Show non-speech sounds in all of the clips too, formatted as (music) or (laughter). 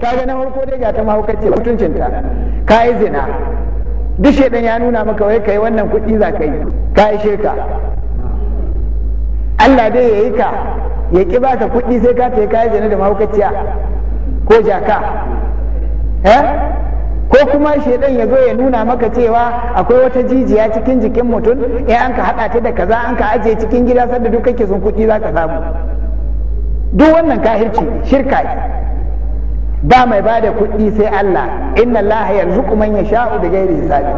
Ka ga na farko dai ga ta mahaukacce mutuncinta ka yi zina duk shaidan ya nuna maka wai kai wannan kuɗi za ka yi ka yi sheka Allah dai ya yi ka ya ƙi ba ka kuɗi sai ka ce ka yi zina da mahaukaciya ko jaka eh ko kuma shaidan ya zo ya nuna maka cewa akwai wata jijiya cikin jikin mutum in an ka hada ta da kaza an ka ajiye cikin gida sanda duk kake sun kuɗi za ka samu duk wannan kahirci shirka ba mai ba da kuɗi sai Allah inna Allah yarzuqu man sha'u da ghairi hisabi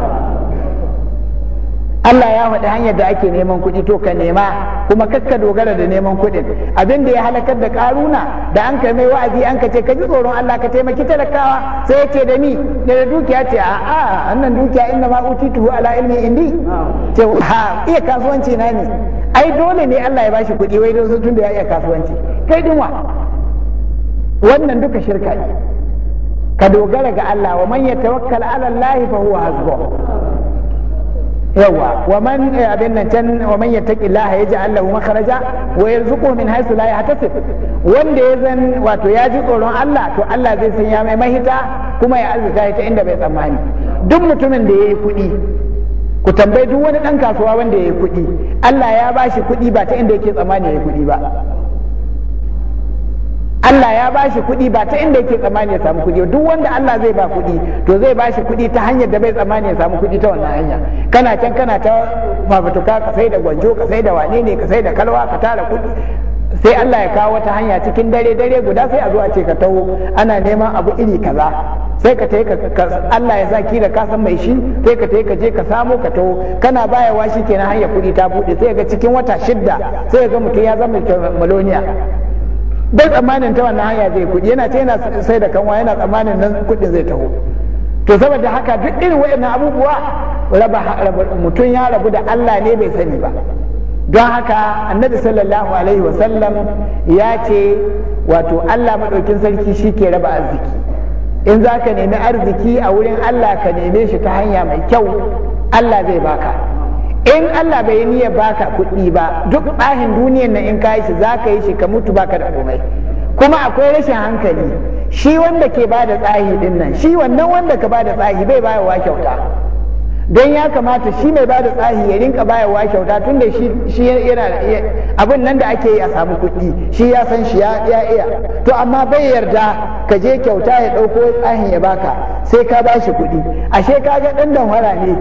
Allah ya faɗi hanyar da ake neman kuɗi to ka nema kuma kakka dogara da neman kuɗin abin da ya halakar da karuna da an kai mai wa'azi an ka ce ka ji tsoron Allah ka taimaki talakawa sai ya ce da ni da da dukiya ce a a annan dukiya inna ma utituhu ala ilmi indi ce ha iya kasuwanci na ne ai dole ne Allah ya bashi kuɗi wai don tun da ya iya kasuwanci kai dinwa wannan duka shirka ne ka dogara ga Allah wa man yatawakkal ala Allah fa huwa hasbuh yawa wa man eh, abin nan can wa man yattaqi Allah yaj'al lahu makhraja wa yarzuquhu min haythu la yahtasib wanda ya zan wato ya ji tsoron Allah to Allah zai sanya mai mahita kuma ya arzuta ta inda bai tsammani duk mutumin da yayi kuɗi ku tambayi duk wani dan kasuwa wanda yayi kuɗi Allah ya bashi kuɗi ba ta inda yake tsammani yayi kuɗi ba Allah ya bashi kuɗi ba ta inda yake tsammani ya samu kuɗi duk wanda Allah zai ba kuɗi to zai ba shi kuɗi ta hanyar da bai tsammani ya samu kuɗi ta wannan hanya kana can kana ta fafutuka ka sai da gwanjo ka sai da wane ne ka sai da kalwa ka tara kuɗi sai Allah ya kawo wata hanya cikin dare dare guda sai a zo a ce ka taho ana neman abu iri kaza sai ka ta'i ka Allah ya saki da ka san mai shi sai ka ta'i ka je ka samo ka taho kana bayawa shi kenan hanya kuɗi ta buɗe sai ga cikin wata shidda sai ga mutum ya zama maloniya bai tsammanin ta wannan hanya zai kuɗi yana ce yana sai da kanwa yana tsammanin nan kuɗi zai taho to saboda haka duk irin waɗannan abubuwa raba mutum ya rabu da Allah ne bai sani ba don haka annabi sallallahu alaihi wasallam ya ce wato Allah maɗaukin sarki shi ke raba arziki in zaka nemi arziki a wurin Allah ka neme shi ta hanya mai kyau Allah zai baka in Allah bai niyya baka kuɗi ba duk ɓahin duniyan na in ka yi shi za ka yi shi ka mutu baka da komai kuma akwai rashin hankali shi wanda ke ba da tsahi din nan shi wannan wanda ka ba da tsahi bai wa kyauta don ya kamata shi mai ba da tsahi ya rinka wa kyauta tun da shi yana abin nan da ake yi a samu kuɗi shi ya san shi ya iya to amma bai yarda ka je kyauta ya ɗauko tsahin ya baka sai ka ba shi kuɗi ashe ka ga ɗan ne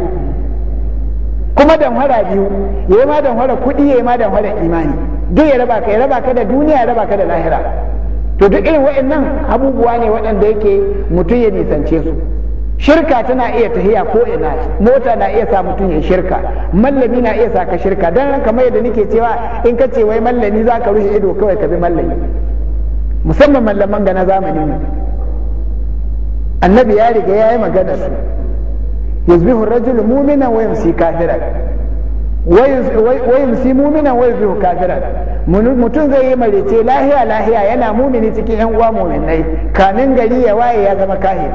kuma damhara biyu yayi ma damhara kuɗi yayi ma damhara imani duk ya raba ka ya raba ka da duniya ya raba ka da lahira to duk irin waɗannan abubuwa ne waɗanda yake mutum ya nisance su shirka tana iya tahiya ko ina mota na iya sa mutum ya shirka mallami na iya sa ka shirka dan kamar yadda nake cewa in ka ce wai mallami za ka rushe ido kawai ka bi mallami musamman mallaman ga na zamanin mu annabi ya riga ya yi magana su yusbihu rajul mu'mina wa yamsi kafiran wa mutum zai yi marice lahiya lahiya yana mumini cikin yan uwa muminai kamin gari ya waye ya zama kahiri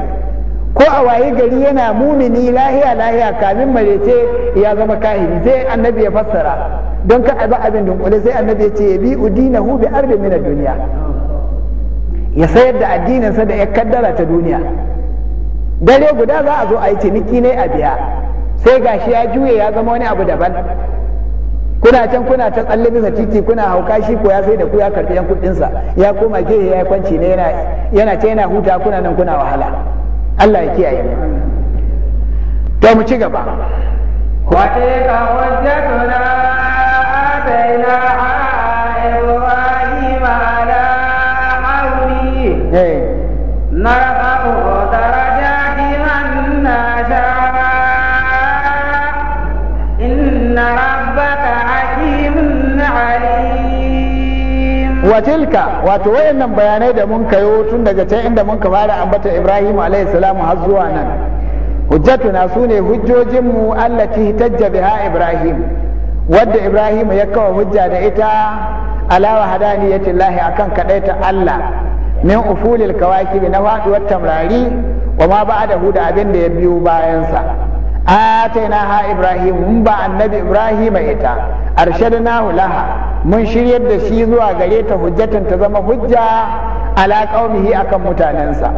ko a waye gari yana mumini lahiya lahiya kamin marice ya zama kahiri sai annabi ya fassara don ka abi abin dunkule sai annabi ya ce ya bi udinahu bi ardi min duniya ya sayar da addininsa da ya kaddara ta duniya dare guda za a zo a yi ciniki ne a biya sai gashi ya juye ya zama wani abu daban kuna can kuna ta tsalle bisa titi kuna hauka shi ko ya sai da ku ya karbi yan kuɗinsa ya koma ke ya kwanci ne yana yana ta yana huta kuna nan kuna wahala Allah ya kiyaye to mu ci gaba wa ta wajjatuna ataina Ibrahim ala eh. na Watilka wato wayannan bayanai da mun kayo tun daga can inda mun fara ambata Ibrahim alayhi salamu har zuwa nan hujjatuna sune hujjojinmu mu allati tajja biha Ibrahim wadda Ibrahim ya kawo hujja da ita ala ya Allah akan kadaita Allah min ufulil kawakib na faduwar tamrari wa ma ba'dahu da abin da ya biyo bayansa ha ibrahim mun ba annabi ibrahim ita na laha mun shiryar da shi zuwa gare ta hujjatan ta zama hujja ala qaumihi akan mutanensa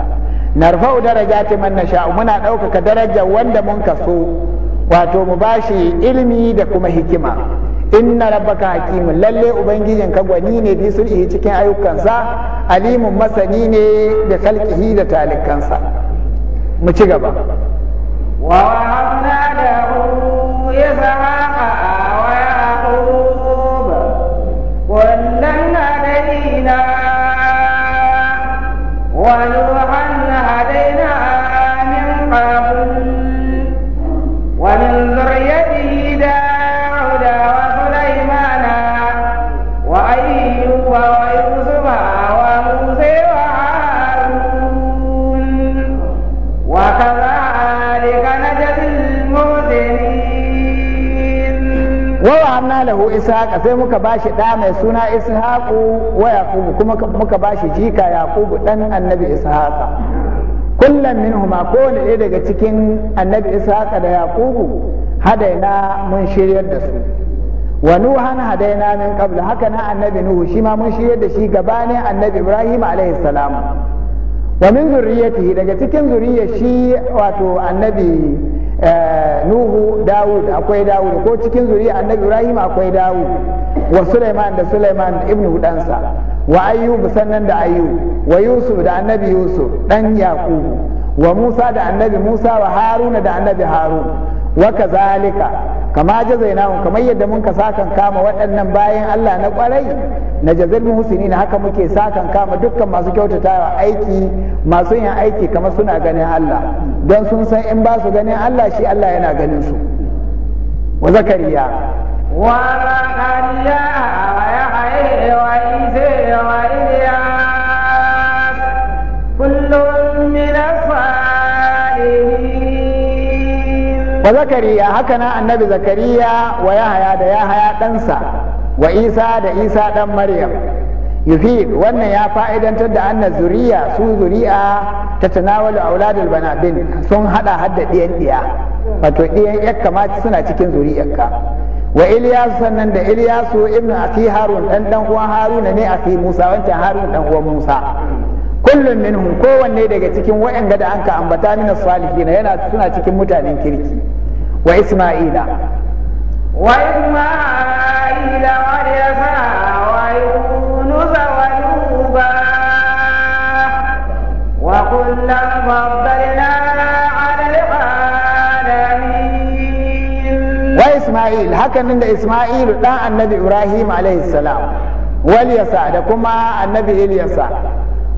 narfa'u darajati man nasha muna ɗaukaka darajar wanda mun kaso wato mu bashi ilimi da kuma hikima inna rabbaka hakimun lalle ubangijin ka gwani ne bi sulhi cikin ayyukansa alimun masani ne da kalkihi da talikansa mu ci gaba ووهبنا له إسحاق lahu sai muka bashi ɗa mai suna ishaqu wa yakubu kuma muka ba shi jika yakubu ɗan annabi ishaqa kullum minhuma kowane ɗaya daga cikin annabi ishaqa da yaqubu hadaina mun shiryar da su wa nuhan hadaina min qabl haka na annabi nuhu shi ma mun shiryar da shi ne annabi ibrahim alaihi salam wa min zurriyatihi daga cikin zuriyar shi wato annabi Eh, nuhu dawud akwai dawud ko cikin zuriya annabi ibrahim akwai dawud wa sulaiman da sulaiman ibnu Hudansa wa ayyub sannan da ayyub wa yusuf da annabi yusuf dan yaqub wa musa da annabi musa wa haruna da annabi harun wa kazalika kama jazainahum kamar yadda mun ka sakan kama waɗannan bayan Allah na kwarai na jazil muhsinin haka muke sakan kama dukkan masu kyautatawa aiki masu yin aiki kamar suna ganin Allah don sun san in ba su ganin Allah shi Allah yana ganin su wa zakariya wa wa wa wa zakariya haka nan annabi zakariya wa yahaya da yahaya ɗansa wa isa da isa ɗan maryam yufid wannan ya fa'idantar da anna zuriya su zuri'a ta tanawalu auladul banabin sun hada hadda ɗiyar ɗiya wato ɗiyan yakka ma suna cikin zuri'arka wa Iliyasu sannan da Ilyasu, ibnu Aki Harun dan dan uwa Haruna ne Aki Musa wancan Harun dan uwan Musa kullum minhum kowanne daga cikin waɗanda da anka ambata mina salihina yana suna cikin mutanen kirki wa isma'ila wa isma'ila wa yasa wa yunus wa yuba isma'il hakanin da isma'il dan annabi ibrahim alayhi yasa da kuma annabi ilyasa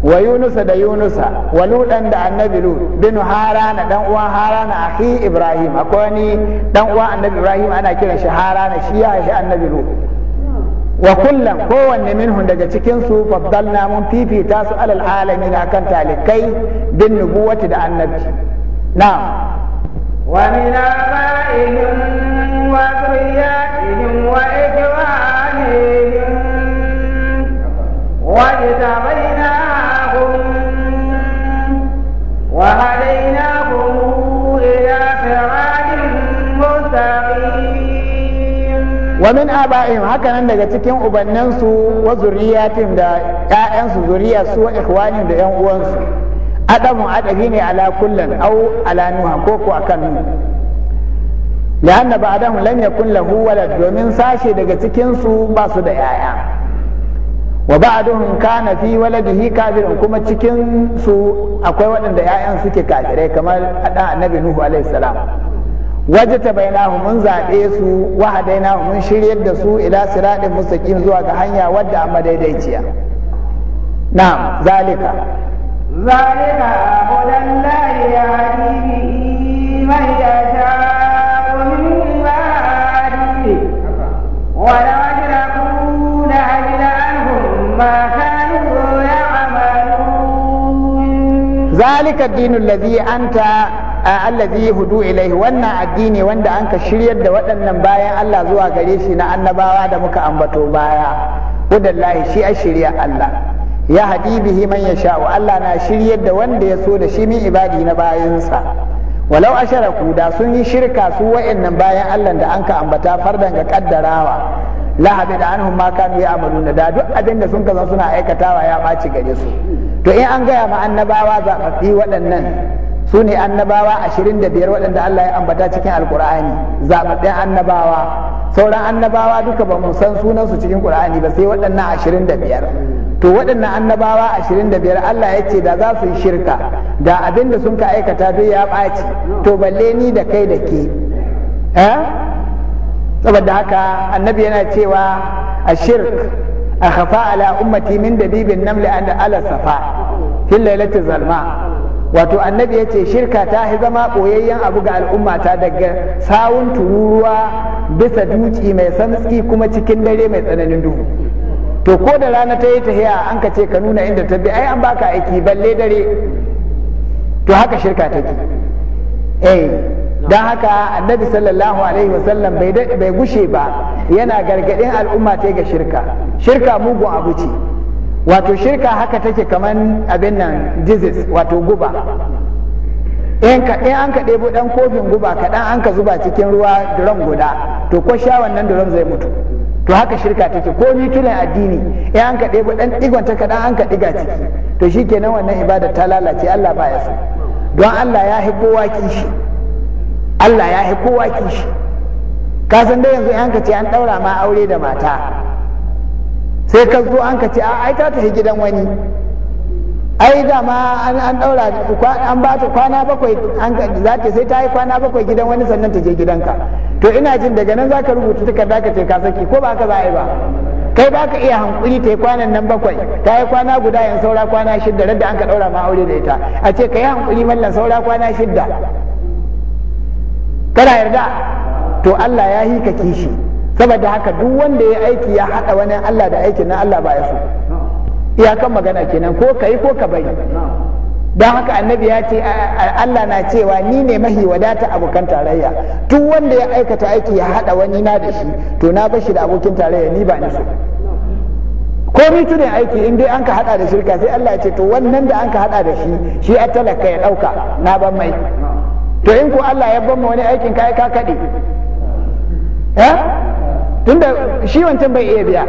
wa yunusa da yunusa wa ludan da annabi lud bin harana dan uwan harana akhi ibrahim akwai ni dan uwan annabi ibrahim ana kiran shi harana shi ya haifi annabi lud wa kullum kowanne minhum daga cikin su faddalna mun fifita su alal alamin akan talikai bin nubuwati da annabi na'am wa min aba'ihim wa dhurriyyatihim wa ikhwanihim wa tabi'ihim وهديناكم إلى صراط مستقيم ومن آبائهم هكذا daga cikin ubannansu wa zuriyatin da ƴaƴansu zuriya su wa ikhwanin da 'yan uwansu adamu adabi ne a kullan aw ala nuha ko ko akan nuha لأن بعدهم لم يكن له ولد ومن ساشي دقتكنسو باسو دقايا wa ba'duhum kana fi waladihi kafirun kuma cikin su akwai waɗanda 'ya'yan suke kafirai kamar dan annabi nuhu alaihi salam wajata bainahu mun zaɓe su wa hadainahu mun shiryar da su ila siratin mustaqim zuwa ga hanya wadda amma daidaiciya na'am zalika zalika hudan la yahdi bihi man yasha'u min wa ما كانوا يعملون ذلك الدين الذي أنت allazi hudu ilai wannan addini wanda anka shiryar da waɗannan bayan Allah zuwa gare shi na annabawa da muka ambato baya hudallahi shi a shirya Allah ya hadi bihi man yasha'u Allah na shiryar da wanda ya so da shi min ibadi na bayansa walau asharaku sun yi shirka su wa'annan bayan Allah da anka ambata fardan ga kaddarawa la da anhum ma kanu ya'maluna da duk abin da sun kaza suna aikatawa ya ɓaci gare su to in an gaya ma annabawa zaɓaɓɓi waɗannan su ne annabawa ashirin da biyar waɗanda Allah ya ambata cikin alƙur'ani zaɓaɓɓen annabawa sauran annabawa duka ba mu san sunansu cikin ƙur'ani ba sai waɗannan ashirin da biyar to waɗannan annabawa ashirin da biyar Allah ya ce da za su yi shirka da abin da sun ka aikata duk ya ɓaci to balle ni da kai da ke eh saboda haka annabi yana cewa a shirk a hafa ala ummati min dabibin namli an ala safa fil lailatul zalma wato annabi ya ce shirka ta hi zama ɓoyayyen abu ga al'ummata daga sawun tururuwa bisa duci mai santsi kuma cikin dare mai tsananin duhu to ko da rana ta yi tahiya an ka ce ka nuna inda ta bi ai an baka aiki balle dare to haka shirka take eh don haka annabi sallallahu alaihi wasallam bai gushe ba yana gargadin al'umma ta ga shirka shirka mugu abu ce wato shirka haka take kaman abin nan disease wato guba in an ka ɗebo ɗan kofin guba kaɗan an ka zuba cikin ruwa duram guda to ko sha wannan duram zai mutu to haka shirka take ko ni tunan addini in an ka ɗebo ɗan ɗigonta kaɗan an ka ɗiga ciki to shi kenan wannan ibada ta lalace allah ba ya so don allah ya hi kowa kishi Allah ya yi kowa kishi ka san dai yanzu an ka ce an daura ma aure da mata sai ka zo an ka ce a ai ta tafi gidan wani ai da ma an daura an ba ta kwana bakwai an za ta sai ta yi kwana bakwai gidan wani sannan ta je gidanka to ina jin daga nan zaka rubuta takarda ka ce ka saki ko ba ka za a yi ba kai ba ka iya hankuri ta yi kwanan nan bakwai ta yi kwana guda yan saura kwana shidda radda an ka daura ma aure da ita a ce ka yi hankuri mallan saura kwana shidda kana yarda to Allah ya hi ka kishi saboda haka duk wanda ya aiki ya hada wani Allah da aikin na Allah ba ya so iyakan magana kenan ko kai ko ka bari Dan haka annabi ya ce Allah na cewa ni ne mahi wadata abokan tarayya duk wanda ya aikata aiki ya hada wani na da shi to na bashi da abokin tarayya ni ba ni so komi tune aiki in dai an ka hada da shirka sai Allah ya ce to wannan da an ka hada da shi shi a talaka ya dauka na ban mai to in ko Allah ya ban wani aikin kai ka kade eh tunda shi wancan bai iya biya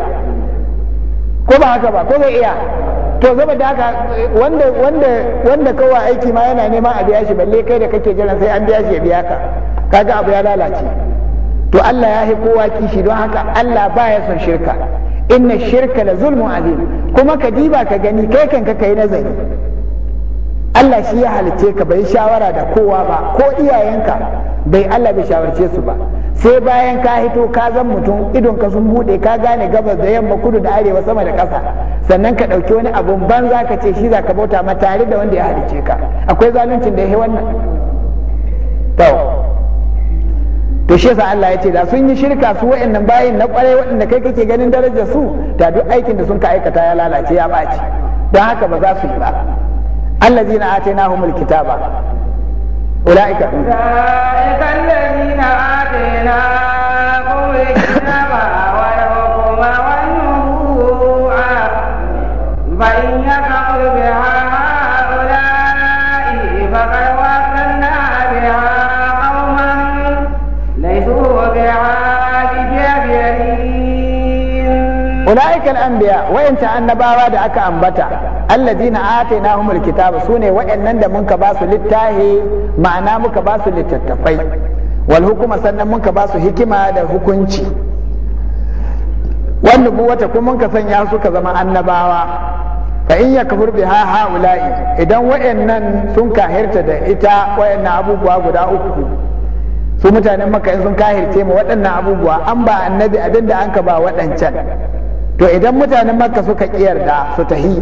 ko ba haka ba ko bai iya to zaba da haka wanda wanda wanda kawa aiki ma yana nema a biya shi balle kai da kake jiran sai an biya shi ya biya ka kaga abu ya lalace to Allah ya hi kowa kishi don haka Allah baya son shirka inna shirka la zulmun azim kuma ka diba ka gani kai kanka kai nazari Allah shi ya halice ka bai shawara da kowa ba ko iyayenka bai Allah bai shawarce su ba sai bayan ka hito ka zan mutum idon ka sun bude ka gane gabas da yamma kudu da arewa sama da ƙasa sannan ka ɗauki wani abun banza ka ce shi za ka bauta ma tare da wanda ya halice ka akwai zaluncin da ya wannan to to shi yasa Allah ya ce da sun yi shirka su wa'annan bayin na kwarai waɗanda kai kake ganin darajar su da duk aikin da sun ka aikata ya lalace ya ɓaci don haka ba za su yi ba الذين آتيناهم الكتاب أولئك أولئك الذين آتيناهم ula'ikal anbiya wayanta annabawa da aka ambata ataina atainahumul kitaba sune wayannan da munka ba su littahi ma'ana muka ba su littattafai wal hukuma sannan munka ba su hikima da hukunci wan wata kuma munka sanya suka zama annabawa fa in yakfur biha haula'i idan wayannan sun kahirta da ita wayannan abubuwa guda uku su mutanen maka in sun kahirce mu waɗannan abubuwa an ba annabi abinda an ka ba waɗancan to idan mutanen makka suka yarda su tahi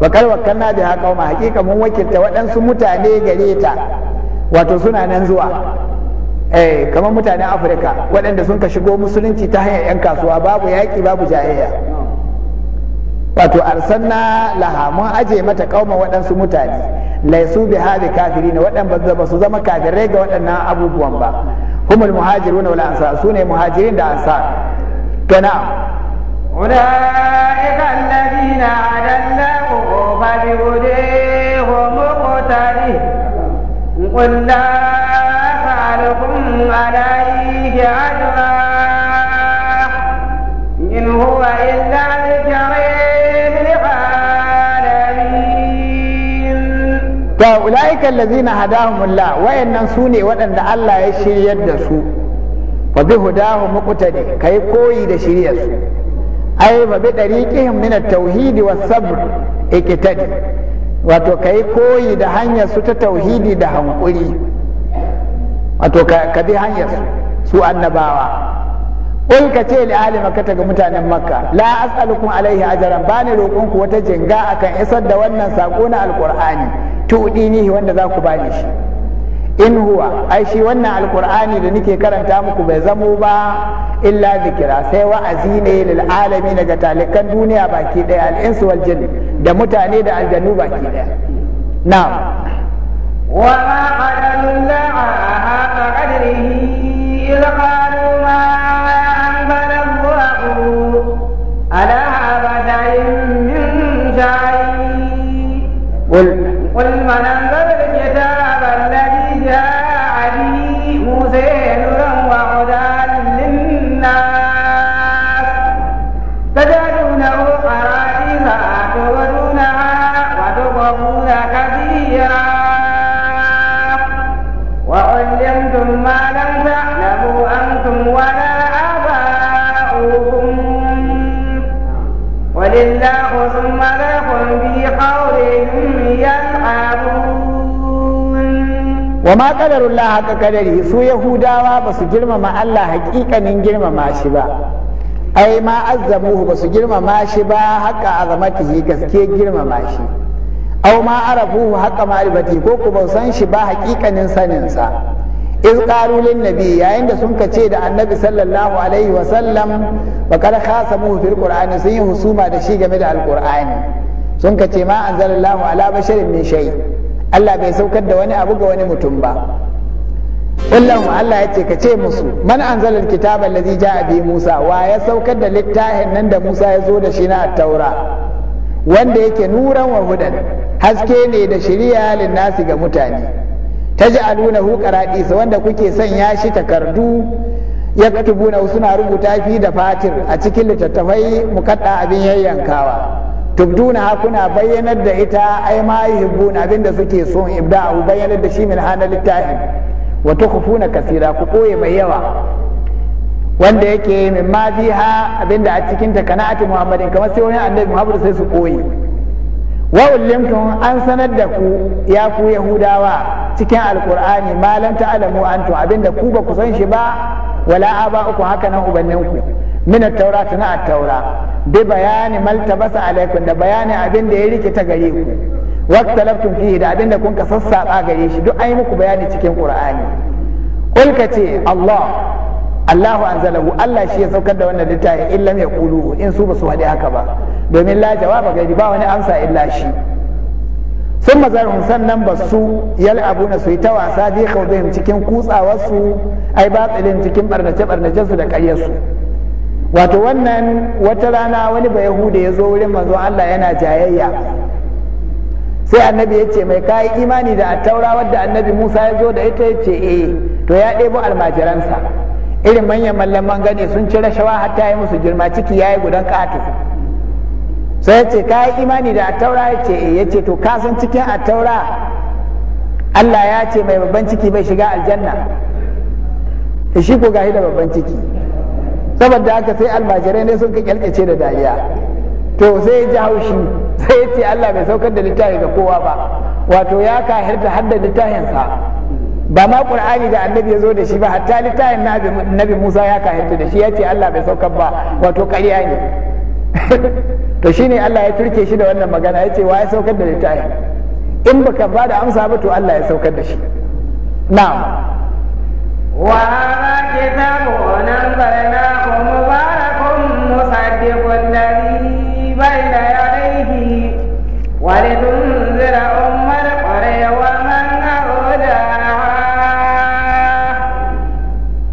wa karwakan na biha ma hakika mun wakilta waɗansu mutane gare ta wato suna nan zuwa eh kamar mutanen afirka waɗanda sun ka shigo musulunci ta hanyar 'yan kasuwa babu yaƙi babu jayayya wato arsanna laha mun aje mata kauma waɗansu mutane laisu bi hadi kafirina waɗan ba su zama kafirai ga waɗannan abubuwan ba humul muhajiruna wal ansar sune muhajirin da ansar kana أولئك الذين أدلهم فبهديهم مقتده قل لا أسألكم عليه أجرا إن هو إلا ulaika allazina hadahumullah wayannan sune waɗanda Allah ya shiryar da su fa bi hudahu muqtadi kai koyi da shiryar su ai ba bi dariqihim min at-tauhid was-sabr iqtadi wato kai koyi da hanyar su ta tauhidi da hankuri wato ka bi hanyar su su annabawa Ƙul ka ce li ahli makka ga mutanen makka la as'alukum alaihi ajran bani ni ku wata jinga akan isar da wannan sako na alqur'ani tudinihi wanda za ku bani shi in huwa ai shi wannan alkur'ani da nake karanta muku bai zamo ba illa zikira sai wa'azi ne lil alami daga talikan duniya baki daya al insu wal jin da mutane da aljannu baki daya na'am wa ma qadarullaha haqa qadrihi ila qalu ma anbala Allahu ala abadain min shay'in qul qul man wa ma haka kadari su yahudawa ba su girmama Allah hakikanin girmama shi ba ai ma azzamuhu ba su girmama shi ba haka azamatihi gaske girmama shi Auma ma arafuhu haka ma'rifati ko ku ba san shi ba hakikanin sanin sa iz qalu lin nabi yayin da sun ce da annabi sallallahu alaihi wa sallam wa qad khasamuhu fil sun yi husuma da shi game da alqur'ani sun ce ma anzalallahu ala basharin min shay' Allah bai saukar da wani abu ga wani mutum ba wallahu Allah ya ce ka ce musu man anzala alkitaba allazi jaa bi Musa wa ya saukar da littafin nan da Musa ya zo da shi na taura wanda yake nuran wa hudan haske ne da shiriya lin nasi ga mutane taj'alunahu qaradisa wanda kuke sanya shi takardu ya katubuna suna rubuta fi da fatir a cikin littattafai mukadda abin yayyankawa tubduna kuna bayyanar da ita ai ma yuhibbuna abinda suke so ibda'u bayyanar da shi min hana littafi wa tukhfuna kasira ku koye mai yawa wanda yake min ma fiha abinda a cikin ta kana'ati muhammadin kamar sai wani annabi muhammad sai su koye wa ullimtum an sanar da ku ya ku yahudawa cikin alqur'ani ma lam ta'lamu antum abinda ku ba ku san shi ba wala aba'uku haka nan ubanninku min at-taura tana at-taura bi bayani maltabasa alaikum da bayanin abin da ya rike ta gare ku waqtalaftum fihi da abin da kun ka sassaba gare shi duk an yi muku bayani cikin qur'ani qul ka ce Allah Allahu anzalahu Allah shi ya saukar da wannan littafi illa ya kulu in su basu su haɗe haka ba domin la jawaba gari ba wani amsa illa shi sun mazarhum sannan ba su yal'abu na su yi ta wasa bi kaudin cikin kutsawarsu ai batsilin cikin barnace barnace su da ƙaryarsu wato wannan wata rana wani ba yahuda ya zo wurin manzo Allah yana jayayya sai annabi ya ce mai kayi imani da attaura wadda annabi Musa ya zo da ita ya ce eh to ya ɗebo almajiransa irin manyan man gane sun ci rashawa hatta yi musu girma ciki ya yi gudan ƙato sai ya ce kayi imani da attaura ya ce eh ya ce to ka san cikin attaura Allah ya ce mai babban ciki bai shiga aljanna shi ko gashi da babban ciki saboda haka sai almajirai ne sun ka kyalkace da dariya to sai ya ji haushi sai ya ce Allah bai saukar da littafi ga kowa ba wato ya kahirta har da littafinsa ba ma qur'ani da annabi ya zo da shi ba hatta littafin nabi Musa ya kahirta da shi ya ce Allah bai saukar ba wato ƙarya ne (laughs) to shine Allah ya turke shi da wannan magana ya ce wa ya saukar da littafin in baka ba da amsa ba to Allah ya saukar da shi na'am wa kitabu nan anzalnahu يصدق الذي بين يديه ولتنذر أم القرى ومن أولاها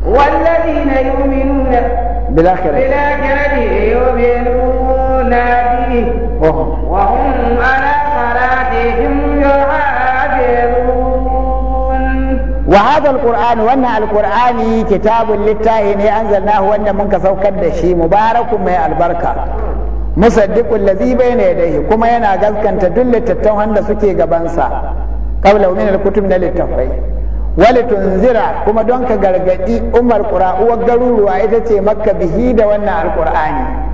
والذين يؤمنون بالآخرة wa Kur'ani, alquran wannan alqurani kitabun littahi ne anzalnahu wanda mun ka saukar da shi mubarakun mai albarka musaddiqul ladhi bayna yadayhi kuma yana gaskanta duk littattafan da suke gabansa qabla min alkutub na littafai wali tunzira kuma don ka gargadi umar qura'uwar garuruwa ita ce makka bihi da wannan alqur'ani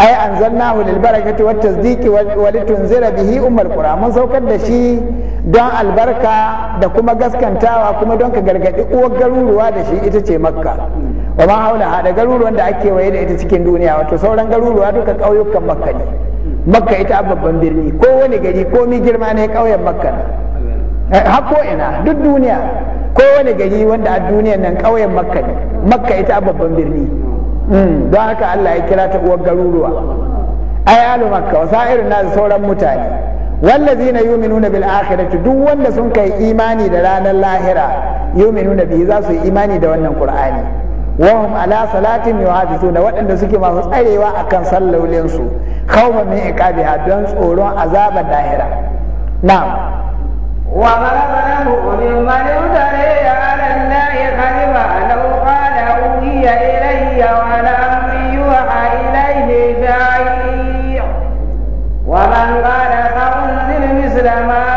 ai anzalnahu lil barakati wat tasdiqi wa litunzira bihi ummul qura mun saukar da shi don albarka da kuma gaskantawa kuma don ka gargadi uwar garuruwa da shi ita ce makka wa ma haula da garuruwan da ake waye da ita cikin duniya wato sauran garuruwa duka ƙauyukan makka ne makka ita babban birni ko wani gari ko mi girma ne ƙauyen makka har ko ina duk duniya ko wani gari wanda a duniyan nan ƙauyen makka ne makka ita babban birni don haka Allah ya kira ta uwar garuruwa na da makka wa sa'irin na sauran mutane wallazina yu'minuna bil akhirati duk wanda sun kai imani da ranar lahira yu'minuna bihi za su yi imani da wannan qur'ani wa hum ala salatin waɗanda suke masu tsarewa akan sallolin su khawfan min iqabiha don tsoron azabar lahira na'am wa malakanahu min man yudari ala allahi khalifa law qala uhiya إلي ولم يوحى إليه شيء ومن قال فأنزل مثل ما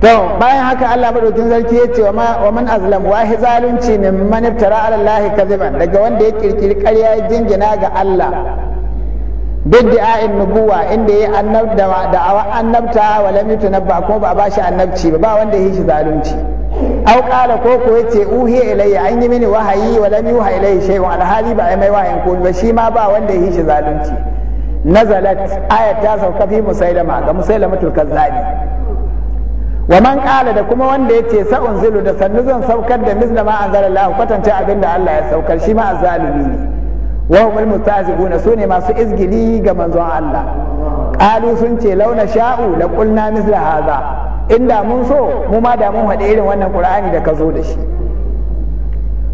to bayan haka Allah madaukin sarki ya ce wa man azlam wa hi zalunci min man iftara ala Allah kadiban daga wanda ya kirkiri ƙarya ya jingina ga Allah bid'a'in nubuwa inda ya da da'awa annabta wa lam yutanabba kuma ba bashi annabci ba ba wanda ya shi zalunci aw qala ko ko yace uhiya ilayya an yi mini wahayi wa lam yuha ilayya shay'un alhali ba mai wahayin ko ba shi ma ba wanda ya shi zalunci nazalat ayat ta sauka fi musailama ga musailama tul kazzabi wa man qala da kuma wanda yace sa unzilu da sannu zan saukar da misla ma Allah kwatanta abin da Allah ya saukar shi ma azalimi ne wa hum mustahzibuna sune masu izgili ga manzon Allah qalu sun ce launa sha'u la qulna misla hadha inda mun so mu ma da mun hade irin wannan qur'ani da ka zo da shi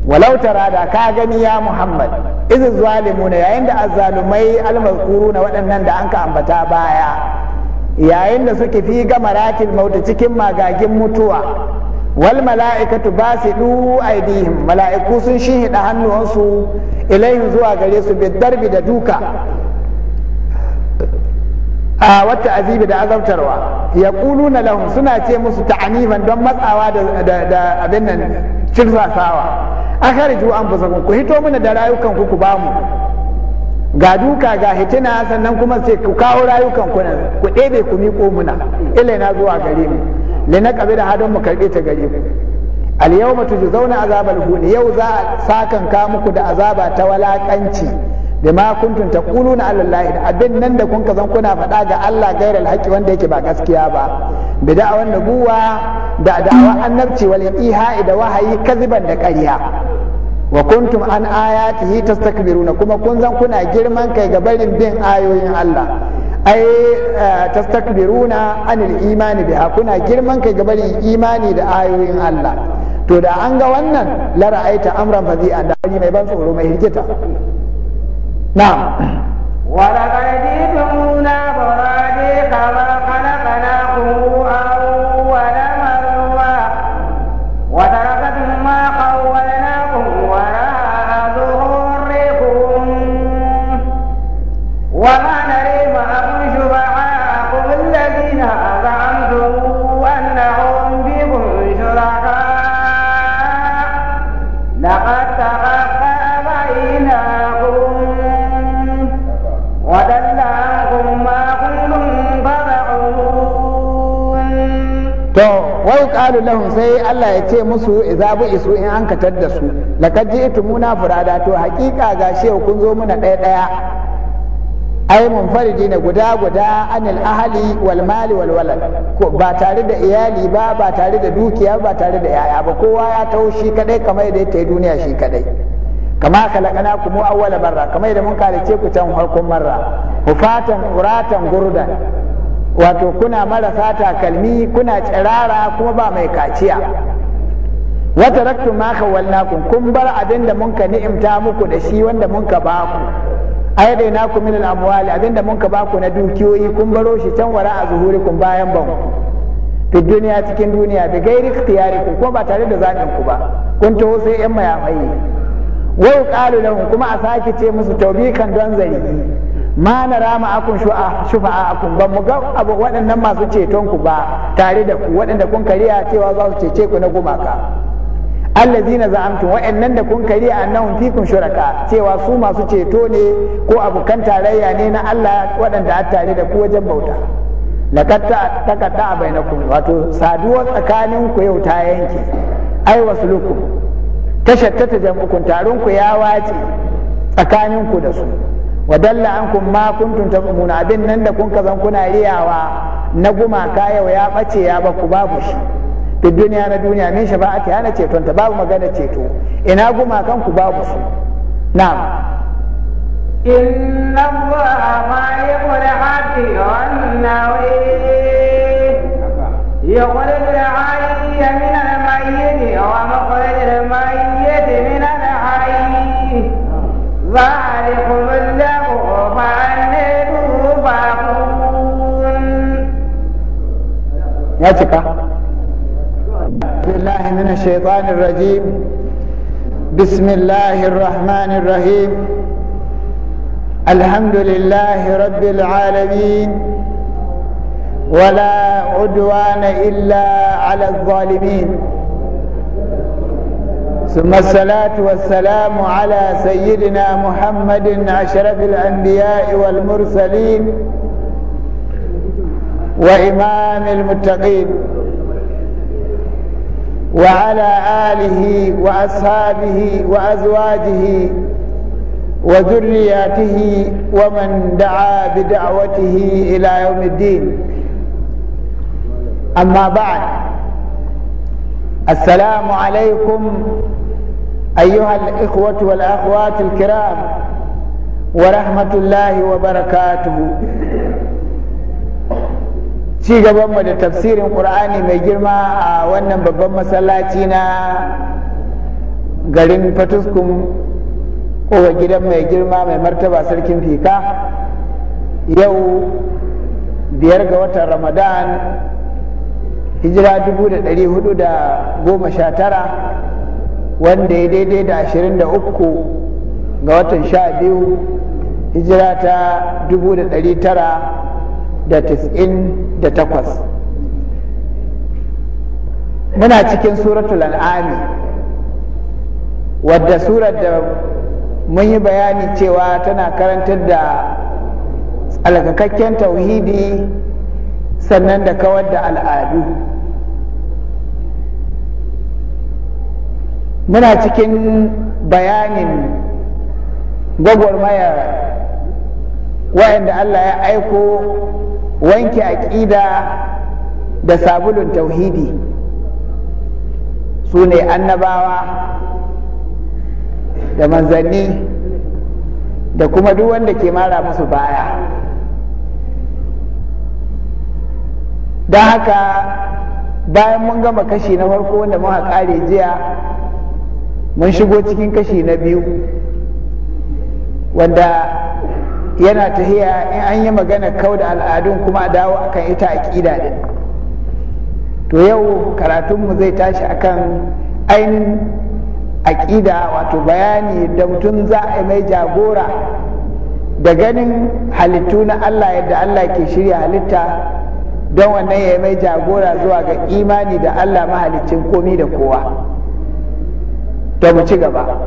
walau tara da ka gani ya muhammad izin zalimuna yayin da azzalumai almazkuruna waɗannan da an ka ambata baya yayin da suke fi ga ratil mauta cikin magagin mutuwa wal mala'ikatu basidu aidihim mala'iku sun shihida hannuwansu ilaihim zuwa gare su darbi da duka a wata azibi da azabtarwa ya na lahum suna ce musu ta'animan don matsawa da abin nan cirsasawa akhariju anfusakum ku hito mana da rayukan ku ku bamu ga duka ga hitina sannan kuma sai ku kawo rayukan ku ku ɗebe ku miƙo muna ilai na zuwa gare mu na kabe da hadon mu karɓe ta gare ku al-yawma tujzauna azabal huni yau za a sakan ka muku da azaba ta walakanci ma kuntum taquluna ala allahi da abin nan da kun zan kuna faɗa ga Allah gairal haƙi wanda yake ba gaskiya ba bida'awan nubuwa da da'awa annabci wal iha'i da wahayi kaziban da ƙarya wa kuntum an ayatihi tastakbiruna kuma kun zan kuna girman kai ga barin bin ayoyin Allah ai eh, tastakbiruna anil imani biha kuna girman kai ga barin imani da ayoyin Allah to da an ga wannan la ra'aita amran fadi'a da wani mai ban tsoro mai hirgita na'am wa qalu lahum sai Allah ya ce musu idza bu isu in an katar da su laqad ji'tumuna furada to ga shi kun zo muna ɗaya ɗaya ai munfariji ne guda guda anil ahali wal mali wal walad ba tare da iyali ba ba tare da dukiya ba tare da yaya ba kowa ya tawo shi kadai kamar yadda yake duniya shi kadai kama kalakana ku mu awwala barra kamar yadda mun kalace ku can farkon marra hufatan uratan gurdan wato kuna marasa takalmi kuna tsirara kuma ba mai kaciya wata raktu ma kawalnakum kun bar abinda da mun ka ni'imta muku da shi wanda mun ka baku ayyadai ku min al-amwali abin da mun ka baku na dukiyoyi kun baro shi can wara a zuhurikum bayan ban fi duniya cikin duniya da gairi ku kuma ba tare da zaɓin ku ba kun taho sai yan mayafai wai qalu lahum kuma a sake ce musu kan don zargi ma na rama akun a akun ba mu ga abu waɗannan masu ceton ku ba tare da ku waɗanda kun kariya cewa za su cece ku na gumaka allazina za'amtum waɗannan da kun kariya annahum fikum shuraka cewa su masu ceto ne ko abokan tarayya ne na Allah waɗanda a tare da ku wajen bauta laqad taqadda bainakum wato saduwar tsakanin ku yau ta yanke ai wasulukum tashattata jam'ukum tarun ku ya wace tsakanin ku da su wa dalla kun ma tunta muna abin nan da kun kazan kuna riyawa na gumaka yau ya bace ya ba ku babu shi Duk duniya na duniya min shafa'ati hana ceton ta babu magana ceto ina gumakan ku babu su na'am إن الله خالق الحب والنوير يخرج الحي من الميت ومخرج الميت من الحي ذلكم ya بالله من الشيطان الرجيم بسم الله الرحمن الرحيم الحمد لله رب العالمين ولا عدوان إلا على الظالمين ثم الصلاة والسلام على سيدنا محمد أشرف الأنبياء والمرسلين وإمام المتقين وعلى آله وأصحابه وأزواجه وذرياته ومن دعا بدعوته إلى يوم الدين أما بعد السلام عليكم أيها الإخوة والأخوات الكرام ورحمة الله وبركاته ci gaban gabanmu da tafsirin ƙur'ani mai girma a wannan babban masallaci na garin fatuskum kowa gidan mai girma mai martaba sarkin fika yau biyar ga watan ramadan hijira tara. wanda ya daidai da 23 ga watan 12 hijira ta 1900 da tis'in da takwas muna cikin suratul al'ami wadda surar da mun yi bayani cewa tana karantar da alkakakken tauhidi sannan da kawar da al'adu muna cikin bayanin gwagwarmayar wayanda Allah ya aiko wanke aƙida da sabulun tauhidi sune annabawa da manzanni da kuma duk wanda ke mara musu baya don haka bayan mun gama kashi na farko wanda muka kare jiya mun shigo cikin kashi na biyu wanda yana tahiya in an yi magana kau da al'adun kuma a dawo akan ita aƙida din to yau karatunmu zai tashi akan ainihin aƙida wato bayani da mutum za a mai jagora da ganin halittu na Allah yadda Allah ke shirya halitta don wannan ya mai jagora zuwa ga imani da Allah mahaliccin komi da kowa to mu ci gaba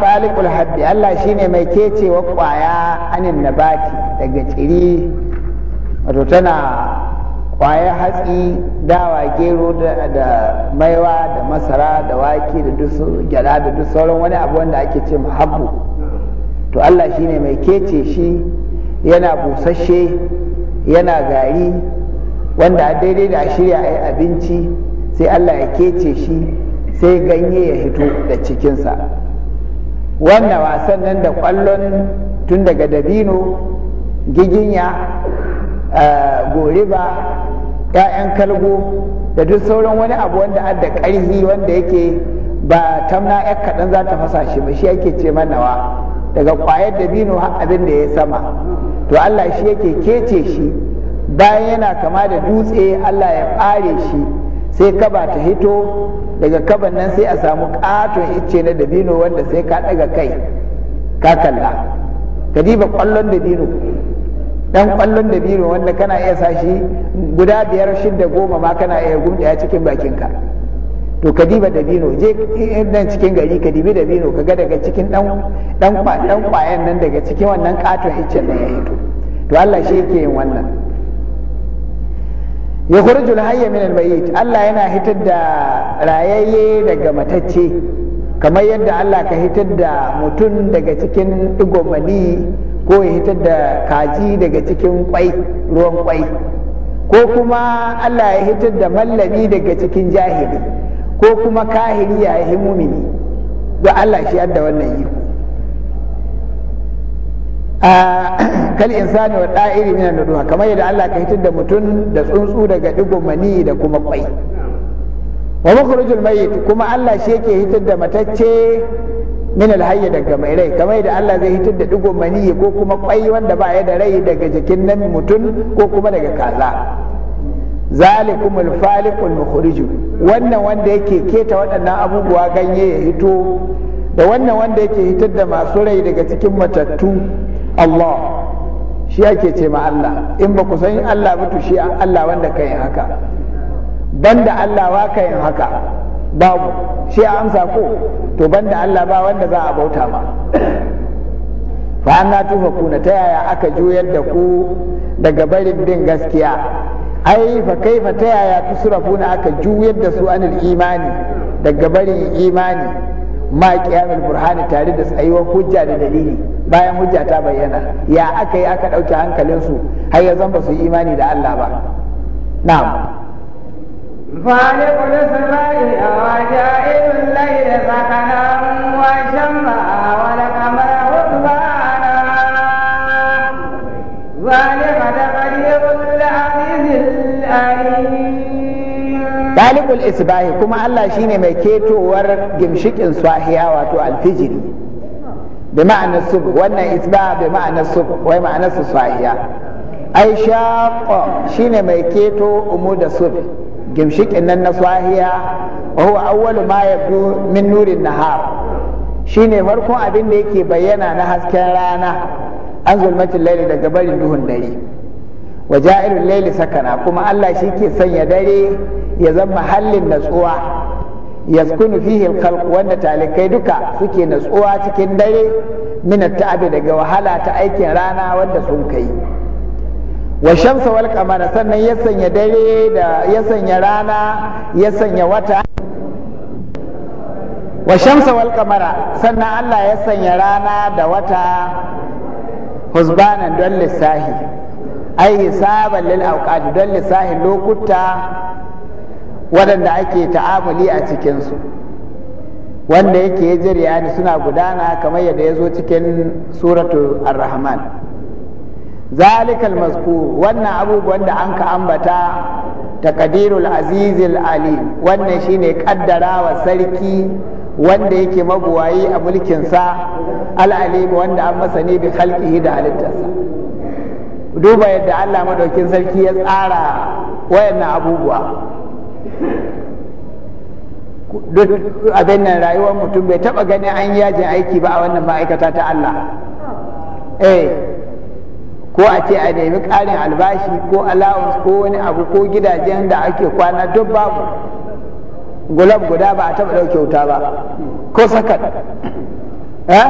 khaliqul habbi Allah shine mai kecewa kwaya anin nabati daga tsiri wato tana kwaya hatsi dawa gero da maiwa da masara da wake da dusu gyada da duk sauran wani abu wanda ake ce muhabbu to Allah shine mai kece shi yana busasshe yana gari wanda a daidai da a shirya a yi abinci sai Allah ya kece shi sai ganye ya hito da cikinsa wannan wasan nan da kwallon tun daga dabino giginya eh, goriba 'ya'yan kalgo da duk sauran wani abu wanda da ƙarfi wanda yake ba tamna ya kaɗan za ta fasa shi ba shi yake ce manawa daga ƙwayar dabino har abin da ya sama to Allah shi yake kece shi bayan yana kama da dutse Allah ya ɓare shi sai kaba ta hito daga kaban nan sai a samu katon icce na dabino wanda sai ka daga kai ka kalla ka diba kwallon dabino dan kwallon dabino wanda kana iya sashi guda biyar shida goma ma kana iya a cikin bakinka to ka diba dabino je nan cikin gari ka dibi dabino ka ga daga cikin dan dan kwayan nan daga cikin wannan katon icce na ya hito to Allah shi yake yin wannan ya jula hayya min Allah yana hitar da rayayye daga matacce kamar yadda Allah ka hitar da mutum daga cikin igomani ko ya hitar da kaji daga cikin kwai ruwan kwai ko kuma Allah ya hitar da mallami daga cikin jahili ko kuma kahiri ya yi mumini don Allah shi yadda wannan iko (coughs) Ah, kal insani wa da'iri min an kamar yadda Allah ka hitar da mutum da tsuntsu daga digon mani da kuma kwai wa mukhrijul mayyit kuma Allah shi yake hitar da matacce min al-hayy daga mai rai kamar yadda Allah zai hitar da digon mani ko kuma kwai wanda ba ya da rai daga jikin nan mutum ko kuma daga kaza zalikumul falikul mukhriju wannan wanda yake keta waɗannan abubuwa ganye ya hito da wannan wanda yake hitar da masu rai daga cikin matattu Allah shi ake ce ma Allah in ba ku san Allah ba to shi Allah wanda kai haka banda Allah wa kai haka babu shi amsa ko to banda Allah ba wanda za a bauta ma fa anna tufakuna ta yaya aka juyar da ku daga barin bin gaskiya ai fa kaifa ta yaya tusrafuna aka juyar da su anil imani daga barin imani ma kiyamul burhani tare da tsayuwar hujja da dalili bayan hujja ta bayyana ya aka yi aka dauke hankalin su har ya zan ba su imani da Allah ba na'am فالق السماء وجائل الليل سكنا والشمس khaliqul isbahi kuma Allah shine mai ketowar gimshikin swahiya wato alfijiri bi ma'ana subh wannan isba bi ma'ana subh wai ma'ana su swahiya ai shaqqa shine mai keto umu da sub gimshikin nan na swahiya wa huwa awwalu ma yabdu min nurin nahar shine farkon abin da yake bayyana na hasken rana an zulmatin laili daga barin duhun dare wa ja'ilul laili sakana kuma Allah shi ke sanya dare ya zama mahallin natsuwa ya yaskunu fihi alqalq wanda talikai duka suke natsuwa cikin dare min ta'abi daga wahala ta aikin rana wanda sun kai wa shamsa wal qamara sannan ya sanya dare da ya sanya rana ya sanya wata wa shamsa wal qamara sannan Allah ya sanya rana da wata husbanan don lissahi ai hisaban lil awqat don lissahin lokuta waɗanda ake ta'amuli a cikinsu wanda yake ya jiriya suna gudana kamar yadda ya zo cikin suratu ar-rahman zalikal mazkur wannan abubuwan da an ka ambata takadirul azizil alim wannan shine kaddarawa sarki wanda yake mabuwayi a mulkinsa al'alim wanda an ne bi khalqihi da halittarsa duba yadda Allah madaukin sarki ya tsara wayannan abubuwa duk abin nan rayuwar mutum bai taba ganin an yajin aiki ba a wannan ma'aikata ta Allah eh ko a ce a nemi ƙarin albashi ko allowance ko wani abu ko gidajen da ake kwana duk babu gulab guda ba a taba ɗauke wuta ba ko sakat eh,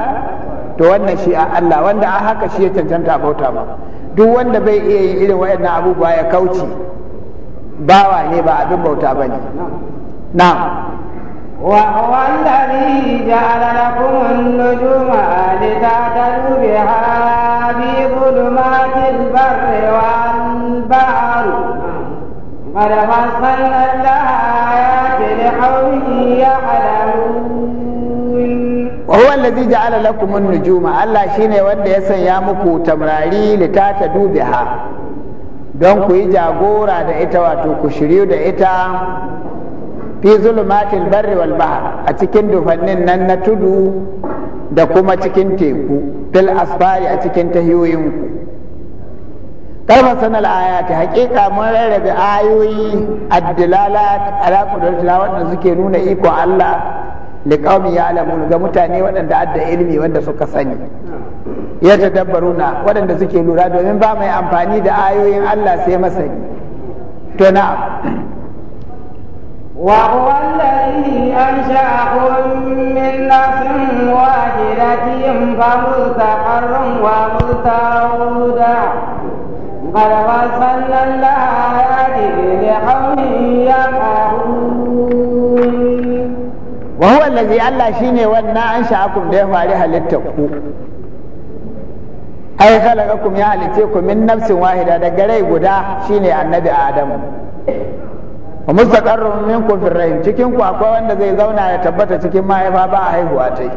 to wannan shi a Allah wanda a haka shi ya cancanta bauta ba duk wanda bai iya yin irin waɗannan abubuwa ya kauce bawa ne ba abin bauta ba ne na wallahi ya alala kuma nuju ma'ali ta taru bi haɗi gudumatin barewa ba'aru madafan sannan laya ke ya halaru وهو الذي جعل لكم النجوم الله شيني ود يسن يامكو تمراري لتاتدو بها don ku yi jagora da ita wato ku shiryu da ita fi zulumatil barri wal bahr a cikin dufannin nan na tudu da kuma cikin teku fil asfari a cikin tahiyoyinku kalmar sanar ayati hakika mun rarrabe ayoyi addilala ala qudratillah wanda suke nuna iko Allah ya ya'lamun ga mutane waɗanda adda ilimi wanda suka sani na waɗanda suke lura domin ba mai amfani da ayoyin Allah sai masani to na wa huwa alladhi ansha'akum min nafsin wahidatin fa mustaqarrun wa mustawda قال وصلى الله لقوم يفعلون وهو الذي الله شيني وانا انشاكم به halitta ku. ai kuma ya halice ku min nafsin wahida da rai guda shine annabi adam wa mustaqarrun minkum fil rahim cikin ku akwai wanda zai zauna ya tabbata cikin mahaifa ba a haihuwa tai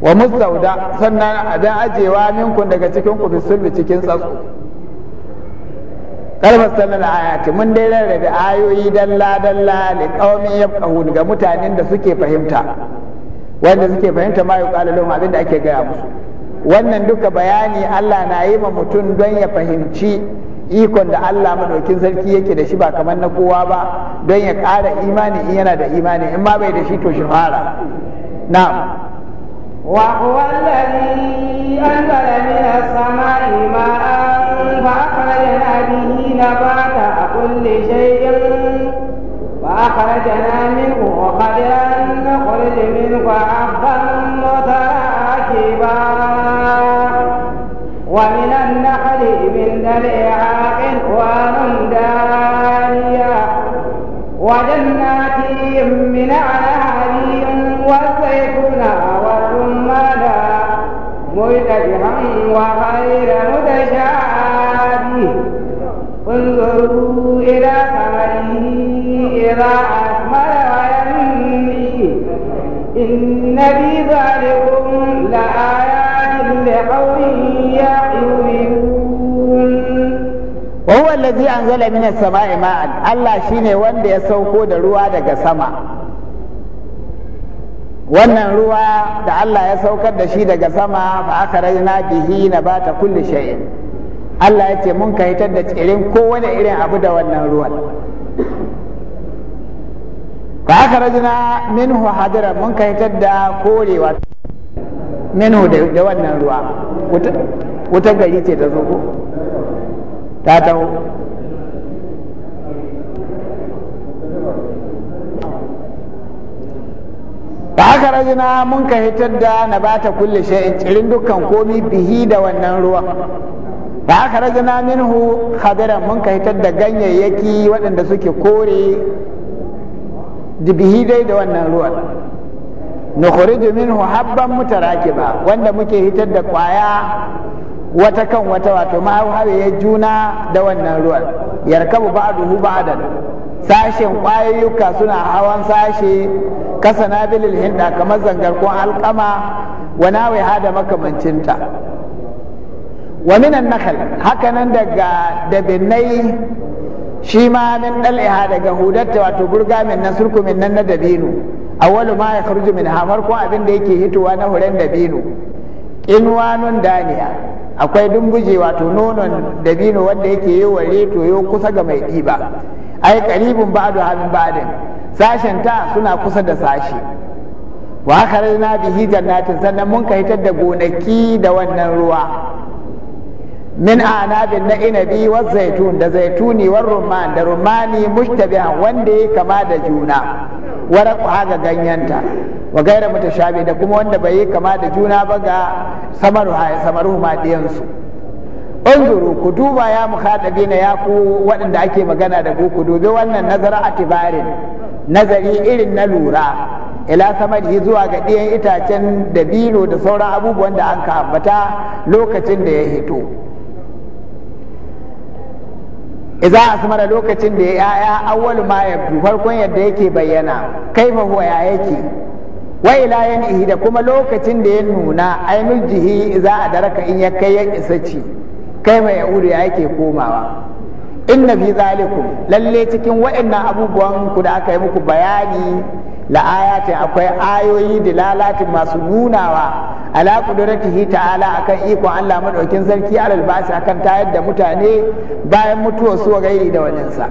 wa mustauda sannan abin ajewa minkum daga cikin ku fisulbi cikin tsatsu kalmar sallan ayati mun dai rarrabe ayoyi dalla dalla li qaumin yafqahun ga mutanen da suke fahimta wanda suke fahimta ma yuqalu lahum abin da ake gaya musu wannan duka bayani Allah na yi ma mutum don ya fahimci ikon da Allah madaukin sarki yake da shi ba kamar na kowa ba don ya ƙara imani in yana da imani in ma bai da shi to shi fara na'am وهو الذي أنزل ومن الناس allazi anzala minas sama'i ma'an Allah shine wanda ya sauko da ruwa daga sama wannan ruwa da Allah ya saukar da shi daga sama fa akhrajna bihi nabata kulli shay'in Allah ya ce mun kai hitar da tsirin wani irin abu da wannan ruwan fa akhrajna minhu hadira mun kai hitar da korewa minhu da wannan ruwa wuta gari ce ta zo ta taho ba aka rajina mun ka hitar da na ba ta kulle sha'in tsirin dukkan komi bihi da wannan ruwan ba aka rajina minhu khadiran mun ka hitar da ganyayyaki waɗanda suke kore bihi dai da wannan ruwan nukhriju minhu habban mutarakiba wanda muke hitar da kwaya wata kan wata wato ya juna da wannan ruwan yarkabu ba'duhu ba'dan sashen ƙwayoyuka suna hawan sashe kasa bilil hinda kamar zangar ko alkama wa nawaiha da makamancinta wa minan nakal hakanan daga dabinai shi ma min dal'iha daga hudatta wato burga min nan surku min nan na dabino awwalu ma ya min ha farko abin da yake hitowa na huren dabino inwanun daniya akwai dumbuje wato nonon dabino wanda yake yi wa reto yau kusa ga mai ɗiba ai karibin ba'adu hamin ba'adin sashen ta suna kusa da sashi wa haka na bihi jannatin sannan mun ka hitar da gonaki da wannan ruwa min anabin na inabi wa zaitun da zaituni wa rumman da rumani mushtabihan wanda ya kama da juna ku haga ganyanta wa gaira mutashabi da kuma wanda bai yi kama da juna ba ga samaru ha samaru ma diyansu unzuru ku duba ya mukhadabina ya ku waɗanda ake magana da ku ku dubi wannan nazara atibarin nazari irin na lura ila samari zuwa ga ɗiyan itacen dabino da sauran abubuwan da an ka ambata lokacin da ya hito a asmara lokacin da ya ya awwal ma yabdu farkon yadda yake bayyana kai huwa ya yake wa ila yanihi da kuma lokacin da ya nuna ainul jihi a daraka in ya kai ya isa kisaci kai ya uri ya yake komawa inna fi zalikum lalle cikin waɗannan abubuwan ku da aka yi muku bayani la'ayatin akwai ayoyi da lalatin masu nunawa ala qudratihi ta'ala akan iko Allah madaukin sarki alal basi akan tayar da mutane bayan mutuwa su gairi da waninsa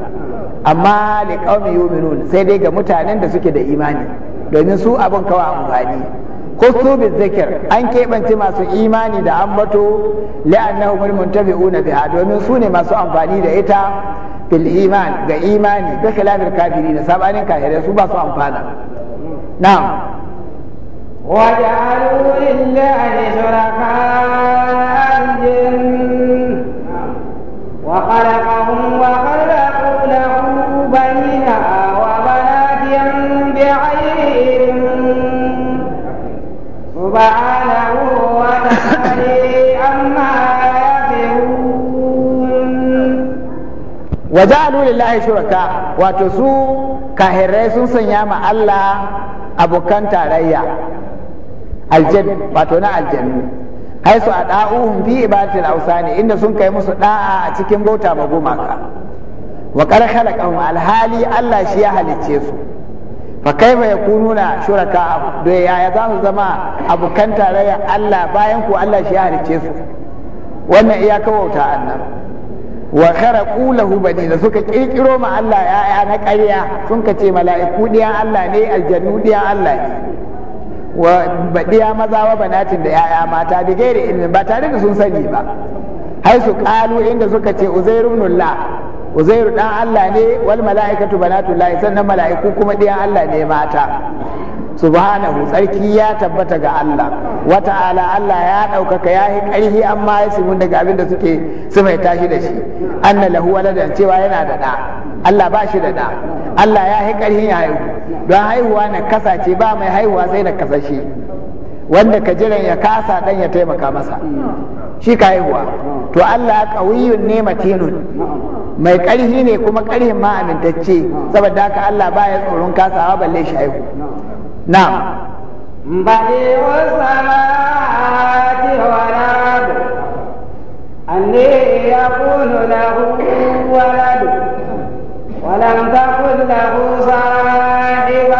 amma liqaumi yu'minun sai dai ga mutanen da suke da imani domin su abin kawa amfani kusu bi zikir an keɓance masu imani da ambato la'annahu mul muntabi'una biha domin su ne masu amfani da ita bil iman ga imani bi khilafil kafiri da sabanin kafirai su ba su amfana na'am wa ja'alu lillahi shuraka wa a lillahi shuraka wato su kahirai sun sanya ma Allah abokan tarayya aljan wato na Kai su a da'uhum bi ibadatil awsani inda sun kai musu da'a a cikin bauta ma gumaka wa qad khalaqahum alhali Allah shi ya halicce su fa kaifa yakununa shuraka do yaya za su zama abokan tarayya Allah bayan ku Allah shi ya halicce su wannan iyaka wauta annabi wa kharaqu lahu da suka kirkiro ma Allah ya'ya na ƙarya sun kace mala'iku diyan Allah ne aljannu diyan Allah ne wa badiya maza wa banatin da ya'ya mata da gairi ilmi ba tare da sun sani ba hai su qalu inda suka ce uzairu ibn Allah uzairu dan Allah ne wal mala'ikatu banatullahi sannan mala'iku kuma diyan Allah ne mata subhanahu tsarki ya tabbata ga Allah wata ala Allah ya ɗaukaka ya yi ƙarfi amma ya simu daga abin da suke mai tashi da shi anna lahu waladan cewa yana da ɗa Allah ba shi da ɗa Allah ya yi ƙarfin ya haihu don haihuwa na kasa ce ba mai haihuwa sai da kasashe wanda ka jiran ya kasa dan ya taimaka masa shi ka haihuwa to Allah ya ƙawiyun ne matinun mai ƙarfi ne kuma ƙarfin ma amintacce saboda haka Allah baya tsoron kasawa balle shi haihu na'am بديع السماوات والأرض أني يكون له ولد ولم تكن له صاحبة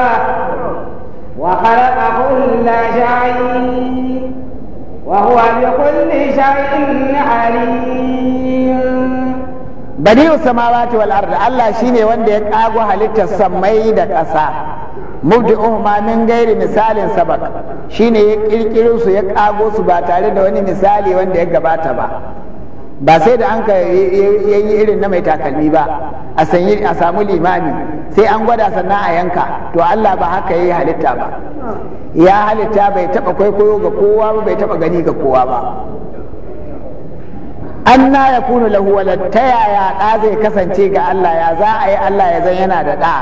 وخلق كل شيء وهو بكل شيء عليم badi'u samawati wal ardi Allah shine wanda ya kago halittar samai da ƙasa mubdi'uhuma min gairi misalin sabak shine ya kirkiro su ya kago su ba tare da wani misali wanda ya gabata ba ba sai da an yi irin na mai takalmi ba a a samu limami sai an gwada sannan a yanka to Allah ba haka yayi halitta ba ya halitta bai taba kwaikwayo ga kowa ba bai taba gani ga kowa ba an na ya kunu lahu walad ta yaya ɗa zai kasance ga Allah ya za a yi Allah ya zan yana da ɗa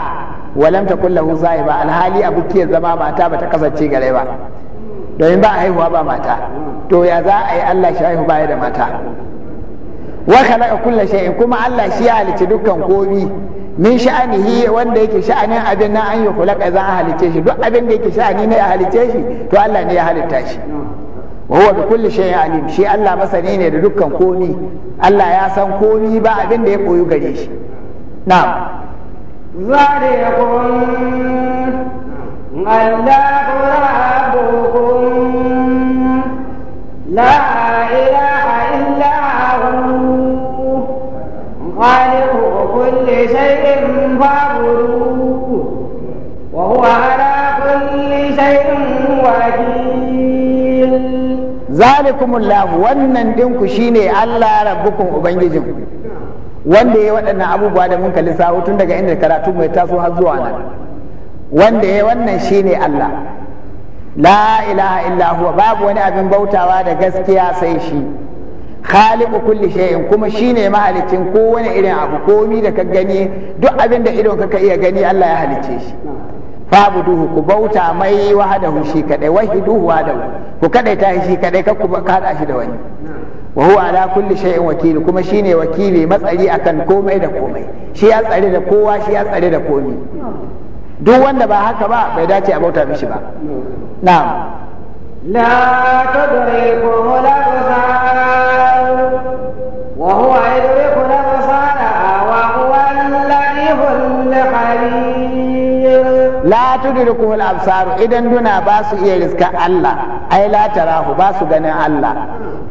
walam ta ya zai ba alhali abu ke zama mata ba ta kasance gare ba domin ba a haihuwa ba mata to ya za a yi Allah shi haihu baya da mata wa ka kulla shay'in kuma Allah shi ya halicci dukkan komi min sha'anihi wanda yake sha'anin abin na an yi za a halice shi duk abin da yake sha'ani na ya halice shi to Allah ne ya halitta shi wa huwa bi kulli shay'in alim shi Allah masani ne da dukkan komi Allah ya san komi ba abin da ya koyu gare shi na'am zalikum Allahu rabbukum la ilaha zalikumullahu wannan dinku shine Allah rabbukum ubangijin wanda ya waɗannan abubuwa da mun kalli sawo tun daga inda karatu mai taso har zuwa nan wanda ya wannan shine Allah la ilaha illa huwa babu wani abin bautawa da gaskiya sai shi khaliqu kulli shay'in kuma shine mahalicin kowane irin abu komi da ka gani duk abin da idon ka iya gani Allah ya halicce shi fa'buduhu ku bauta mai wahdahu shi kadai wahiduhu wahdahu ku kadaita shi kadai kar ku kada shi da wani wa huwa ala kulli shay'in wakili kuma shine wakili matsari akan komai da komai shi ya tsare da kowa shi ya tsare da komai duk wanda ba haka ba bai dace a bauta mishi ba na'am la tadriku la wa huwa yadriku la tudriku al absar idan duna ba su iya riska Allah ai la tarahu ba su ganin Allah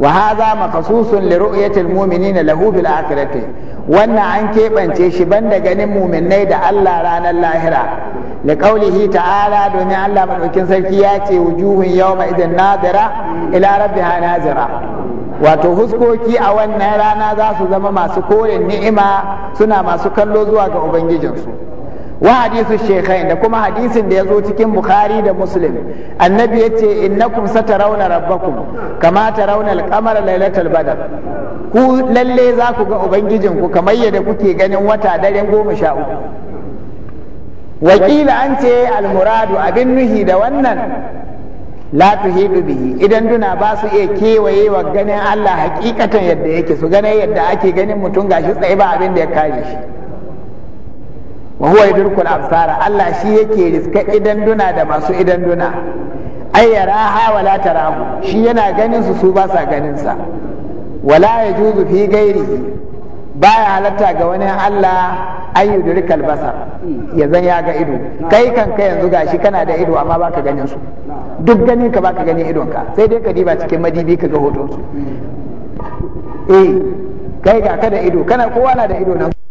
wa hadha maqsusun li ru'yati al mu'minina lahu bil akhirati wannan an keɓance shi banda ganin muminnai da Allah ranar lahira li qawlihi ta'ala domin Allah madaukin sarki ya ce wujuhun yawma idan nadira ila rabbiha nazira wato huskoki a wannan rana za su zama masu koren ni'ima suna masu kallo zuwa ga ubangijinsu wa hadisu shekhain da kuma hadisin da ya zo cikin bukhari da muslim annabi ya ce innakum satarawna rabbakum kama tarauna raunar kamar lailatul badr ku lalle za ku ga ubangijin ku kamar yadda kuke ganin wata daren goma sha uku wakila an ce almuradu abin nuhi da wannan la tuhidu bihi idan duna ba su iya kewaye wa ganin Allah hakikatan yadda yake su ganin yadda ake ganin mutum gashi tsaye ba abin da ya kare shi wa huwa yudrikul absara Allah shi yake riska idan duna da masu idan duna ay yaraha wala tarahu shi yana ganin su su ba sa ganin sa wala yajuzu fi ghairihi baya halatta ga wani Allah an yudrikal basar ya zan ya ga ido kai kanka yanzu gashi kana da ido amma baka ganin su duk ganin ka baka ganin idon ka sai dai ka diba cikin madibi ka ga hoton su eh kai ga ka da ido kana kowa na da ido nan